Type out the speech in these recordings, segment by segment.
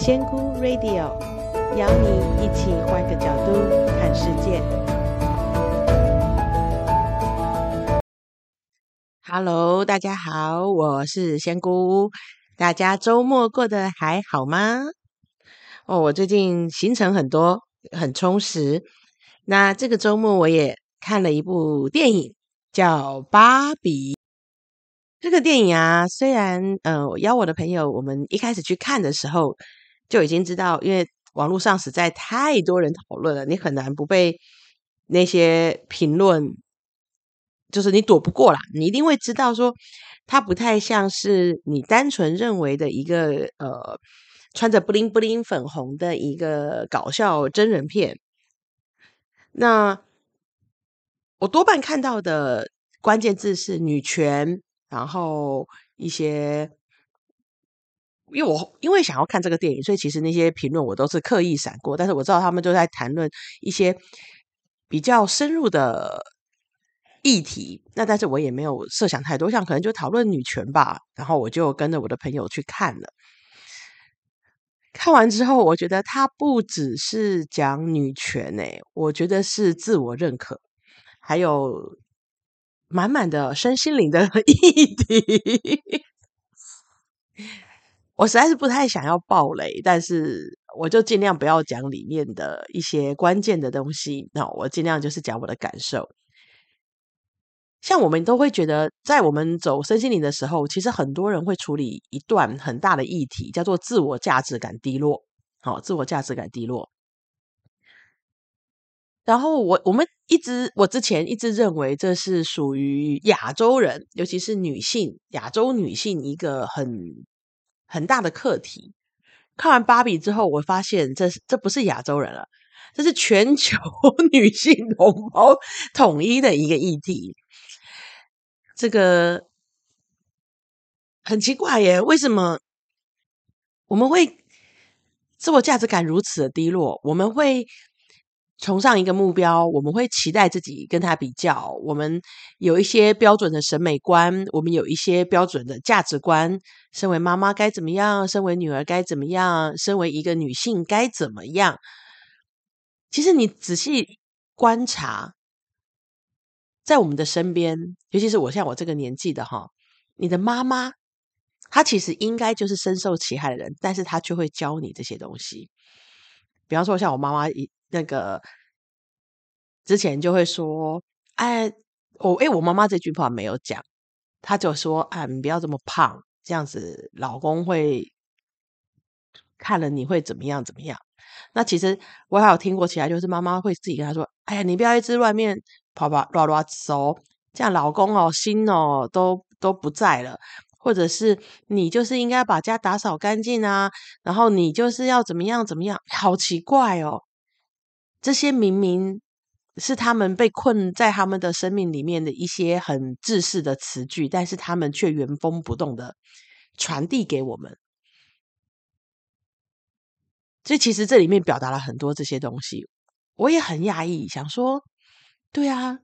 仙姑 Radio 邀你一起換個角度看世界。Hello，大家好，我是仙姑。大家周末過得還好嗎？哦，我最近行程很多，很充實。那這個周末我也看了一部電影，叫《芭比》。這個電影啊，雖然呃，邀我的朋友，我們一開始去看的時候，就已經知道，因為網絡上實在太多人討論了，你很難不被那些評論，就是你躲不過啦，你一定會知道說，它不太像是你單純認為的一個呃，穿着布靈布靈粉紅的一個搞笑真人片。那我多半看到的關鍵字是女權，然後一些。因為我因為想要看這個電影，所以其實那些評論我都是刻意閃過。但是我知道他們都在談論一些比較深入的議題。那但是我也沒有設想太多，像可能就討論女權吧。然後我就跟着我的朋友去看了。看完之後，我覺得他不只是講女權誒、欸，我覺得是自我認可，還有滿滿的身心靈的議題。我實在是不太想要爆雷，但是我就盡量不要講裡面的一些關鍵的東西。那我盡量就是講我的感受。像我們都會覺得，在我們走身心靈的時候，其實很多人會處理一段很大的議題，叫做自我價值感低落。好，自我價值感低落。然後我我們一直我之前一直認為，這是屬於亞洲人，尤其是女性，亞洲女性一個很。很大的課題。看完《芭比》之後，我發現這這不是亞洲人了，這是全球女性同胞統一的一個議題。這個很奇怪耶，為什麼我們會自我價值感如此的低落，我們會。崇尚一個目標，我們會期待自己跟他比較。我們有一些標準的審美觀，我們有一些標準的價值觀。身為媽媽該怎麼樣？身為女兒該怎麼樣？身為一個女性該怎麼樣？其實你仔細觀察，在我們的身邊，尤其是我像我這個年紀的哈，你的媽媽，她其實應該就是深受其害的人，但是她卻會教你這些東西。比方說，像我媽媽一那個之前就會說，哎，我哎，我媽媽這句話沒有講，她就說，哎，你不要這麼胖，這樣子老公會看了你會怎麼樣怎麼樣？那其實我還有聽過其他，就是媽媽會自己跟她說，哎呀，你不要一直外面跑跑抓抓，亂亂走，這樣老公哦心哦都都不在了，或者是你就是應該把家打掃乾淨啊，然後你就是要怎麼樣怎麼樣，哎，好奇怪哦。這些明明是他們被困在他們的生命裡面的一些很自私的詞句，但是他們卻原封不動的傳遞給我們。所以，其實這裡面表達了很多這些東西，我也很壓抑，想說，對啊，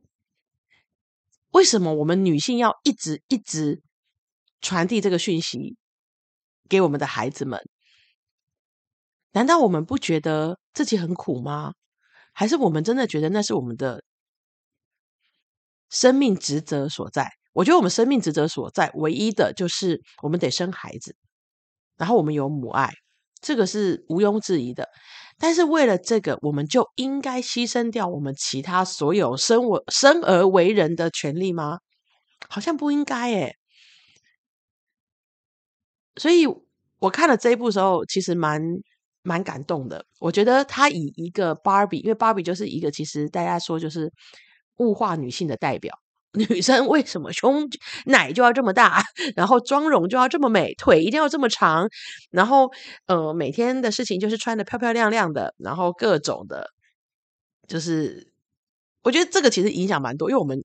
為什麼我們女性要一直一直傳遞這個訊息給我們的孩子們？難道我們不覺得自己很苦嗎？還是我們真的覺得那是我們的生命職責所在？我覺得我們生命職責所在，唯一的就是我們得生孩子，然後我們有母愛，這個是毋庸置疑的。但是為了這個，我們就應該犧牲掉我們其他所有生我、生而為人的權利嗎？好像不應該誒。所以我看了這一部時候，其實蠻，蠻感動的，我覺得他以一個芭比，因為芭比就是一個其實大家說就是物化女性的代表。女生為什麼胸奶就要這麼大，然後妝容就要這麼美，腿一定要這麼長，然後呃每天的事情就是穿得漂漂亮亮的，然後各種的，就是我覺得這個其實影響蠻多，因為我們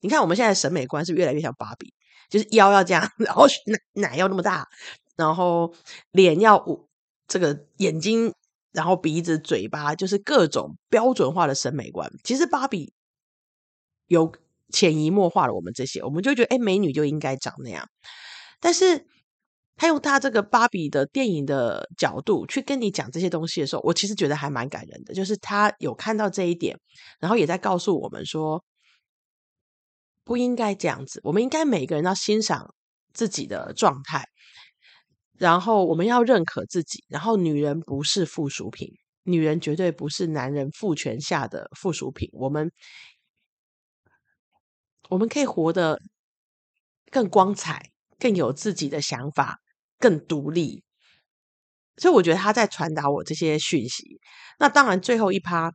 你看我們現在審美觀是越來越像芭比，就是腰要這樣，然後奶奶要那麼大，然後臉要五。這個眼睛，然後鼻子、嘴巴，就是各種標準化的審美觀。其實芭比有潛移默化了我們這些，我們就覺得，哎，美女就應該長那樣。但是，他用他這個芭比的電影的角度去跟你講這些東西的時候，我其實覺得還蠻感人的。就是他有看到這一點，然後也在告訴我們說，不應該這樣子。我們應該每個人要欣賞自己的狀態。然後我們要認可自己。然後女人不是附屬品，女人絕對不是男人父權下的附屬品。我們我們可以活得更光彩，更有自己的想法，更獨立。所以我覺得他在傳達我這些訊息。那當然，最後一趴，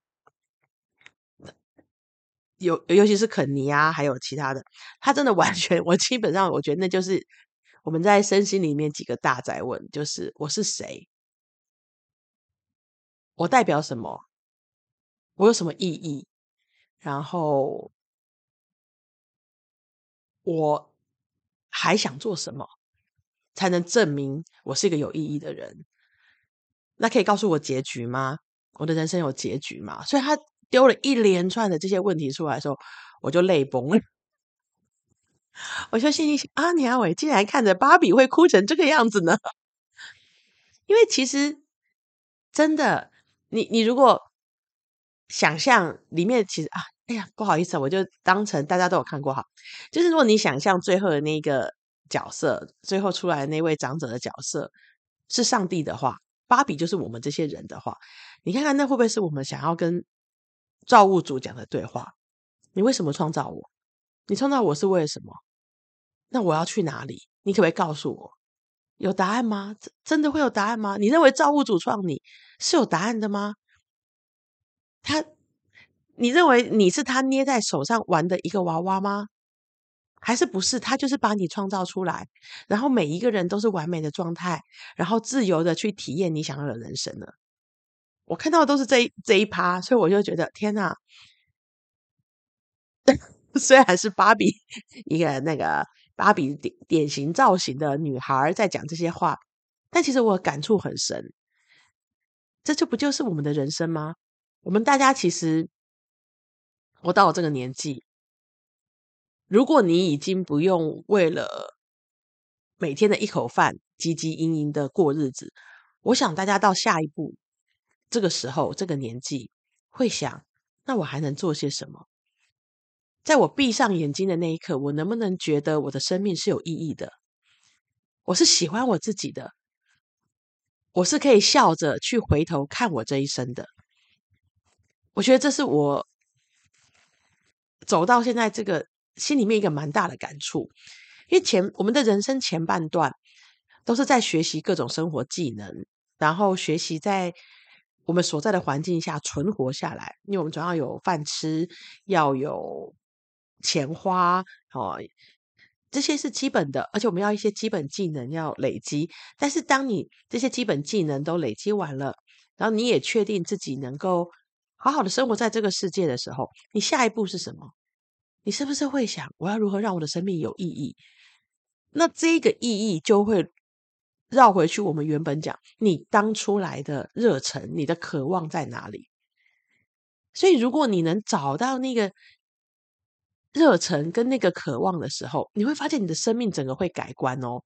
尤尤其是肯尼啊，還有其他的，他真的完全，我基本上，我覺得那就是。我們在身心裡面幾個大哉問，就是我是誰？我代表什麼？我有什麼意義？然後我還想做什麼，才能證明我是一個有意義的人？那可以告訴我結局嗎？我的人生有結局嗎？所以他丟了一連串的這些問題出來的時候，我就淚崩了。我就心裡想啊，你阿偉竟然看着芭比會哭成這個樣子呢？因為其實真的，你你如果想象裡面，其實啊，哎呀，不好意思，我就當成大家都有看過哈。就是如果你想象最後的那個角色，最後出來的那位長者的角色是上帝的話，芭比就是我們這些人的話，你看看那會不會是我們想要跟造物主講的對話？你為什麼創造我？你創造我是為了什麼？那我要去哪裡？你可不可以告訴我？有答案嗎？真的會有答案嗎？你認為造物主創你是有答案的嗎？他，你認為你是他捏在手上玩的一個娃娃嗎？還是不是？他就是把你創造出來，然後每一個人都是完美的狀態，然後自由的去體驗你想要的人生呢？我看到的都是這一這一趴，所以我就覺得天吶，雖然是芭比一個那個。芭比典型造型的女孩在講這些話，但其實我感觸很深。這就不就是我們的人生嗎？我們大家其實，我到我這個年紀，如果你已經不用為了每天的一口飯，汲汲營營的過日子，我想大家到下一步，這個時候這個年紀會想：那我還能做些什麼？在我閉上眼睛的那一刻，我能不能覺得我的生命是有意義的？我是喜歡我自己的，我是可以笑着去回頭看我這一生的。我覺得這是我走到現在這個心裡面一個蠻大的感觸，因為前我們的人生前半段都是在學習各種生活技能，然後學習在我們所在的環境下存活下來，因為我們總要有飯吃，要有錢花哦，這些是基本的，而且我們要一些基本技能要累積。但是，當你這些基本技能都累積完了，然後你也確定自己能夠好好的生活在這個世界的時候，你下一步是什麼？你是不是會想，我要如何讓我的生命有意義？那這個意義就會繞回去，我們原本講你當初來的熱忱，你的渴望在哪裡？所以，如果你能找到那個。熱忱跟那個渴望的時候，你會發現你的生命整個會改觀哦。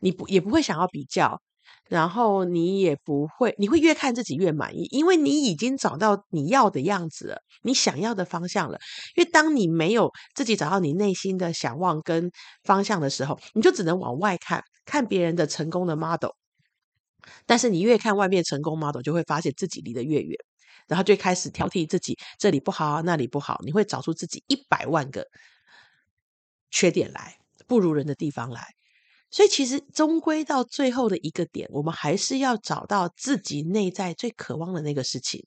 你不也不會想要比較，然後你也不會，你會越看自己越滿意，因為你已經找到你要的樣子了，你想要的方向了。因為當你沒有自己找到你內心的想望跟方向的時候，你就只能往外看看別人的成功的 model，但是你越看外面成功 model，就會發現自己離得越遠。然後就開始挑剔自己，這裡不好啊，那裡不好，你會找出自己一百萬個缺點來，不如人的地方來。所以其實終歸到最後的一個點，我們還是要找到自己內在最渴望的那個事情。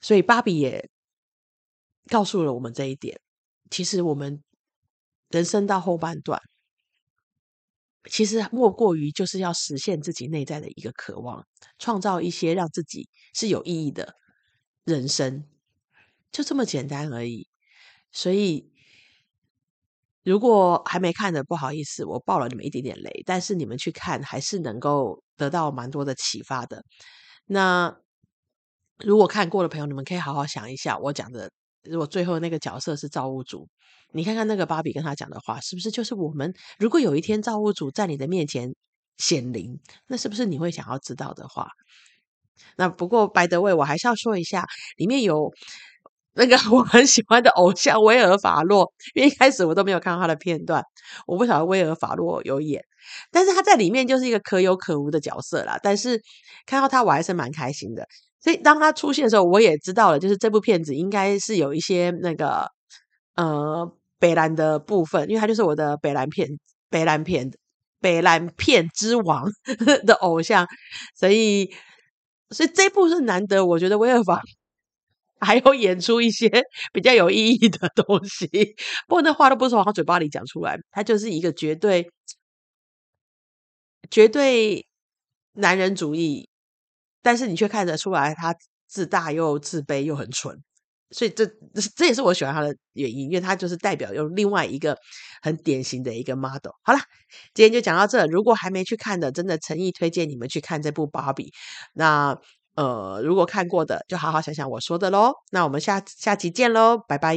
所以芭比也告訴了我們這一點，其實我們人生到後半段。其實，莫過於就是要實現自己內在的一個渴望，創造一些讓自己是有意義的人生，就這麼簡單而已。所以，如果還沒看的，不好意思，我爆了你們一點點雷，但是你們去看，還是能夠得到蠻多的啟發的。那如果看過的朋友，你們可以好好想一下我講的。如果最後那個角色是造物主，你看看那個芭比跟他講的話，是不是就是我們？如果有一天造物主在你的面前顯靈，那是不是你會想要知道的話？那不過 by the way，我還是要說一下，裡面有那個我很喜歡的偶像威爾法洛，因為一開始我都沒有看到他的片段，我不曉得威爾法洛有演，但是他在裡面就是一個可有可無的角色啦。但是看到他，我還是蠻開心的。所以當他出現的時候，我也知道了，就是這部片子應該是有一些那個呃北爛的部分，因為他就是我的北爛片、北爛片、北爛片之王的偶像，所以所以這部是難得，我覺得威爾法還有演出一些比較有意義的東西。不過那話都不是從他嘴巴裡講出來，他就是一個絕對絕對男人主義。但是你卻看得出來，他自大又自卑又很蠢，所以這這也是我喜歡他的原因，因為他就是代表用另外一個很典型的一個 model。好啦，今天就講到這。如果還沒去看的，真的誠意推薦你們去看這部《芭比》。那呃，如果看過的，就好好想想我說的嘍。那我們下下期見嘍，拜拜。